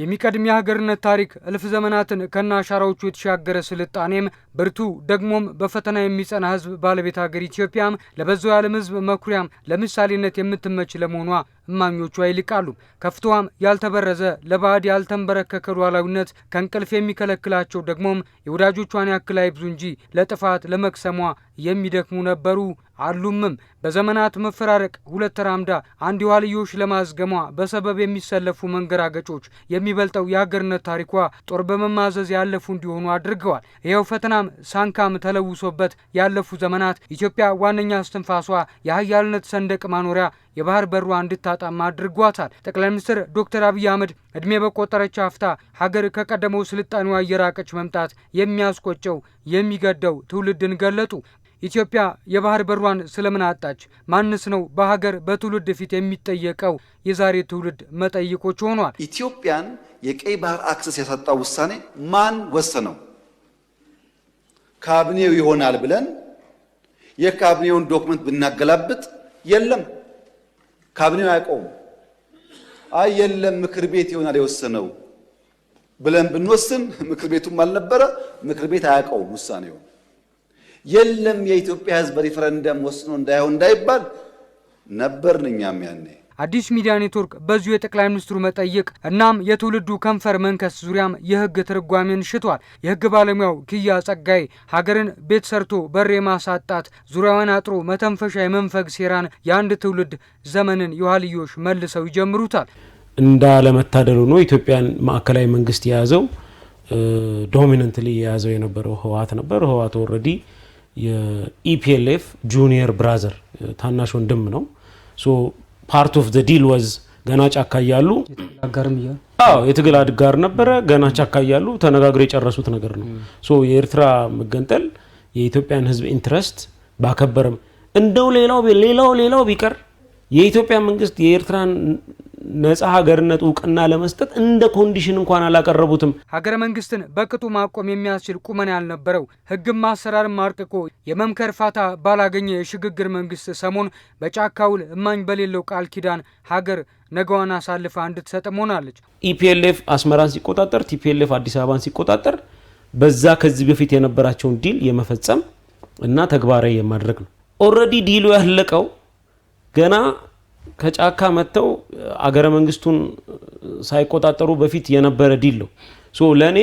የሚቀድም የሀገርነት ታሪክ እልፍ ዘመናትን አሻራዎቹ የተሻገረ ስልጣኔም ብርቱ ደግሞም በፈተና የሚጸና ህዝብ ባለቤት ሀገር ኢትዮጵያም ለበዛው የዓለም ህዝብ መኩሪያም ለምሳሌነት የምትመች ለመሆኗ እማኞቿ ይልቃሉ። ከፍታዋም ያልተበረዘ ለባዕድ ያልተንበረከከ ሉዓላዊነት ከእንቅልፍ የሚከለክላቸው ደግሞም የወዳጆቿን ያክል አይብዙ እንጂ ለጥፋት ለመክሰሟ የሚደክሙ ነበሩ። አሉምም በዘመናት መፈራረቅ ሁለት ራምዳ አንድ የዋልዮሽ ለማዝገሟ በሰበብ የሚሰለፉ መንገራገጮች የሚበልጠው የሀገርነት ታሪኳ ጦር በመማዘዝ ያለፉ እንዲሆኑ አድርገዋል። ይኸው ፈተናም ሳንካም ተለውሶበት ያለፉ ዘመናት ኢትዮጵያ ዋነኛ እስትንፋሷ የሀያልነት ሰንደቅ ማኖሪያ የባህር በሯ እንድታጣም አድርጓታል። ጠቅላይ ሚኒስትር ዶክተር አብይ አህመድ እድሜ በቆጠረች አፍታ ሀገር ከቀደመው ስልጣኔዋ እየራቀች መምጣት የሚያስቆጨው የሚገደው ትውልድን ገለጡ። ኢትዮጵያ የባህር በሯን ስለምን አጣች? ማንስ ነው በሀገር በትውልድ ፊት የሚጠየቀው? የዛሬ ትውልድ መጠይቆች ሆኗል። ኢትዮጵያን የቀይ ባህር አክሰስ ያሳጣው ውሳኔ ማን ወሰነው? ካቢኔው ይሆናል ብለን የካቢኔውን ዶክመንት ብናገላብጥ የለም፣ ካቢኔው አያውቀውም። አይ የለም፣ ምክር ቤት ይሆናል የወሰነው ብለን ብንወስን ምክር ቤቱም አልነበረ፣ ምክር ቤት አያውቀውም ውሳኔውን የለም የኢትዮጵያ ህዝብ ሪፈረንደም ወስኖ እንዳይሆን እንዳይባል ነበርን እኛም ያኔ። አዲስ ሚዲያ ኔትወርክ በዚሁ የጠቅላይ ሚኒስትሩ መጠይቅ እናም የትውልዱ ከንፈር መንከስ ዙሪያም የህግ ትርጓሜን ሽቷል። የህግ ባለሙያው ክያ ጸጋይ ሀገርን ቤት ሰርቶ በር የማሳጣት ዙሪያውን አጥሮ መተንፈሻ የመንፈግ ሴራን የአንድ ትውልድ ዘመንን የኋልዮሽ መልሰው ይጀምሩታል። እንዳለመታደሉ ነው ኢትዮጵያን ማዕከላዊ መንግስት የያዘው ዶሚነንትሊ የያዘው የነበረው ህወሓት ነበር። ህወሓት ኦልሬዲ የኢፒኤልኤፍ ጁኒየር ብራዘር ታናሽ ወንድም ነው። ሶ ፓርት ኦፍ ዘ ዲል ወዝ ገና ጫካ እያሉ የትግል አድጋር ነበረ። ገና ጫካ እያሉ ተነጋግሮ የጨረሱት ነገር ነው። ሶ የኤርትራ መገንጠል የኢትዮጵያን ሕዝብ ኢንትረስት ባከበረም እንደው ሌላው ሌላው ሌላው ቢቀር የኢትዮጵያ መንግስት የኤርትራን ነጻ ሀገርነት እውቅና ለመስጠት እንደ ኮንዲሽን እንኳን አላቀረቡትም። ሀገረ መንግስትን በቅጡ ማቆም የሚያስችል ቁመና ያልነበረው ህግም ማሰራር አርቅቆ የመምከር ፋታ ባላገኘ የሽግግር መንግስት ሰሞን በጫካ ውል እማኝ በሌለው ቃል ኪዳን ሀገር ነገዋን አሳልፋ እንድትሰጥም ሆናለች። ኢፒኤልኤፍ አስመራን ሲቆጣጠር፣ ቲፒኤልኤፍ አዲስ አበባን ሲቆጣጠር በዛ ከዚህ በፊት የነበራቸውን ዲል የመፈጸም እና ተግባራዊ የማድረግ ነው። ኦልሬዲ ዲሉ ያለቀው ገና ከጫካ መጥተው አገረ መንግስቱን ሳይቆጣጠሩ በፊት የነበረ ዲል ነው። ሶ ለእኔ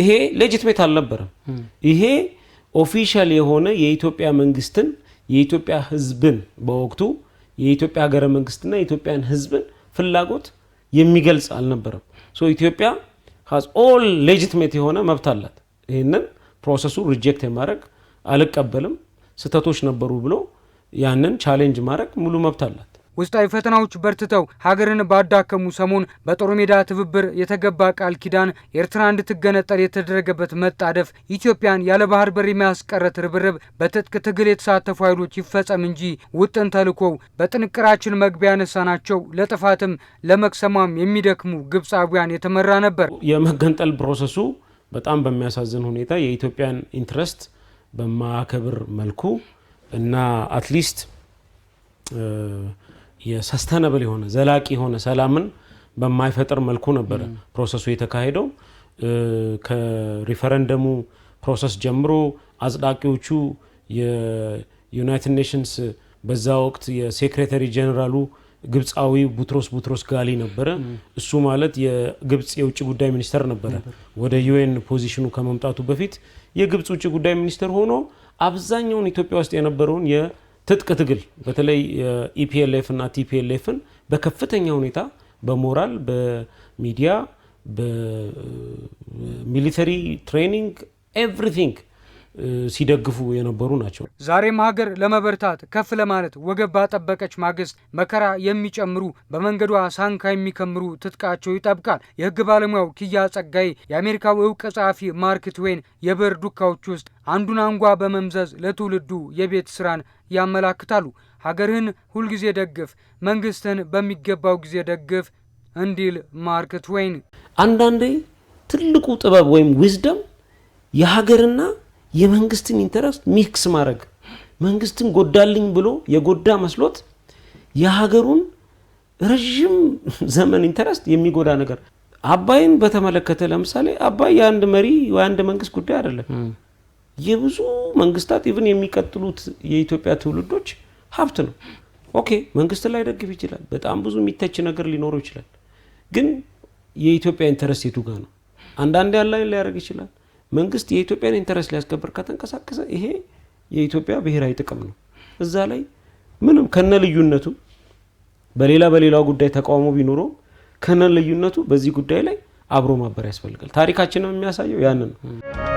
ይሄ ሌጅትሜት አልነበረም። ይሄ ኦፊሻል የሆነ የኢትዮጵያ መንግስትን የኢትዮጵያ ህዝብን በወቅቱ የኢትዮጵያ ሀገረ መንግስትና የኢትዮጵያን ህዝብን ፍላጎት የሚገልጽ አልነበረም። ሶ ኢትዮጵያ ሀዝ ኦል ሌጅትሜት የሆነ መብት አላት። ይህንን ፕሮሰሱ ሪጀክት የማድረግ አልቀበልም፣ ስህተቶች ነበሩ ብሎ ያንን ቻሌንጅ ማድረግ ሙሉ መብት አላት። ውስጣዊ ፈተናዎች በርትተው ሀገርን ባዳከሙ ሰሞን በጦር ሜዳ ትብብር የተገባ ቃል ኪዳን ኤርትራ እንድትገነጠል የተደረገበት መጣደፍ ኢትዮጵያን ያለ ባህር በር የሚያስቀረት ርብርብ በትጥቅ ትግል የተሳተፉ ኃይሎች ይፈጸም እንጂ ውጥን ተልኮው በጥንቅራችን መግቢያ ናቸው። ለጥፋትም ለመቅሰማም የሚደክሙ ግብፃዊያን የተመራ ነበር። የመገንጠል ፕሮሰሱ በጣም በሚያሳዝን ሁኔታ የኢትዮጵያን ኢንትረስት በማያከብር መልኩ እና አትሊስት የሰስተነብል የሆነ ዘላቂ የሆነ ሰላምን በማይፈጥር መልኩ ነበረ ፕሮሰሱ የተካሄደው። ከሪፈረንደሙ ፕሮሰስ ጀምሮ አጽዳቂዎቹ የዩናይትድ ኔሽንስ በዛ ወቅት የሴክሬታሪ ጀኔራሉ ግብፃዊ ቡትሮስ ቡትሮስ ጋሊ ነበረ። እሱ ማለት የግብፅ የውጭ ጉዳይ ሚኒስተር ነበረ። ወደ ዩኤን ፖዚሽኑ ከመምጣቱ በፊት የግብፅ ውጭ ጉዳይ ሚኒስተር ሆኖ አብዛኛውን ኢትዮጵያ ውስጥ የነበረውን ትጥቅ ትግል በተለይ ኢፒኤልኤፍና እና ቲፒኤልኤፍን በከፍተኛ ሁኔታ በሞራል በሚዲያ በሚሊተሪ ትሬኒንግ ኤቭሪቲንግ ሲደግፉ የነበሩ ናቸው። ዛሬም ሀገር ለመበርታት ከፍ ለማለት ወገብ ባጠበቀች ማግስት መከራ የሚጨምሩ በመንገዷ ሳንካ የሚከምሩ ትጥቃቸው ይጠብቃል። የህግ ባለሙያው ኪያ ጸጋዬ የአሜሪካው እውቅ ጸሐፊ ማርክ ትዌን የብዕር ዱካዎች ውስጥ አንዱን አንጓ በመምዘዝ ለትውልዱ የቤት ስራን ያመላክታሉ። ሀገርህን ሁልጊዜ ደግፍ፣ መንግስትን በሚገባው ጊዜ ደግፍ እንዲል ማርክ ትዌን አንዳንዴ ትልቁ ጥበብ ወይም ዊዝደም የሀገርና የመንግስትን ኢንተረስት ሚክስ ማድረግ መንግስትን ጎዳልኝ ብሎ የጎዳ መስሎት የሀገሩን ረዥም ዘመን ኢንተረስት የሚጎዳ ነገር። አባይን በተመለከተ ለምሳሌ አባይ የአንድ መሪ የአንድ መንግስት ጉዳይ አይደለም። የብዙ መንግስታት ኢቭን የሚቀጥሉት የኢትዮጵያ ትውልዶች ሀብት ነው። ኦኬ መንግስት ላይ ደግፍ ይችላል። በጣም ብዙ የሚተች ነገር ሊኖረው ይችላል። ግን የኢትዮጵያ ኢንተረስት የቱ ጋ ነው? አንዳንድ ያለ ሊያደርግ ይችላል መንግስት የኢትዮጵያን ኢንተረስት ሊያስከብር ከተንቀሳቀሰ ይሄ የኢትዮጵያ ብሔራዊ ጥቅም ነው። እዛ ላይ ምንም ከነ ልዩነቱ በሌላ በሌላው ጉዳይ ተቃውሞ ቢኖረውም ከነ ልዩነቱ በዚህ ጉዳይ ላይ አብሮ ማበር ያስፈልጋል። ታሪካችንም የሚያሳየው ያንን ነው።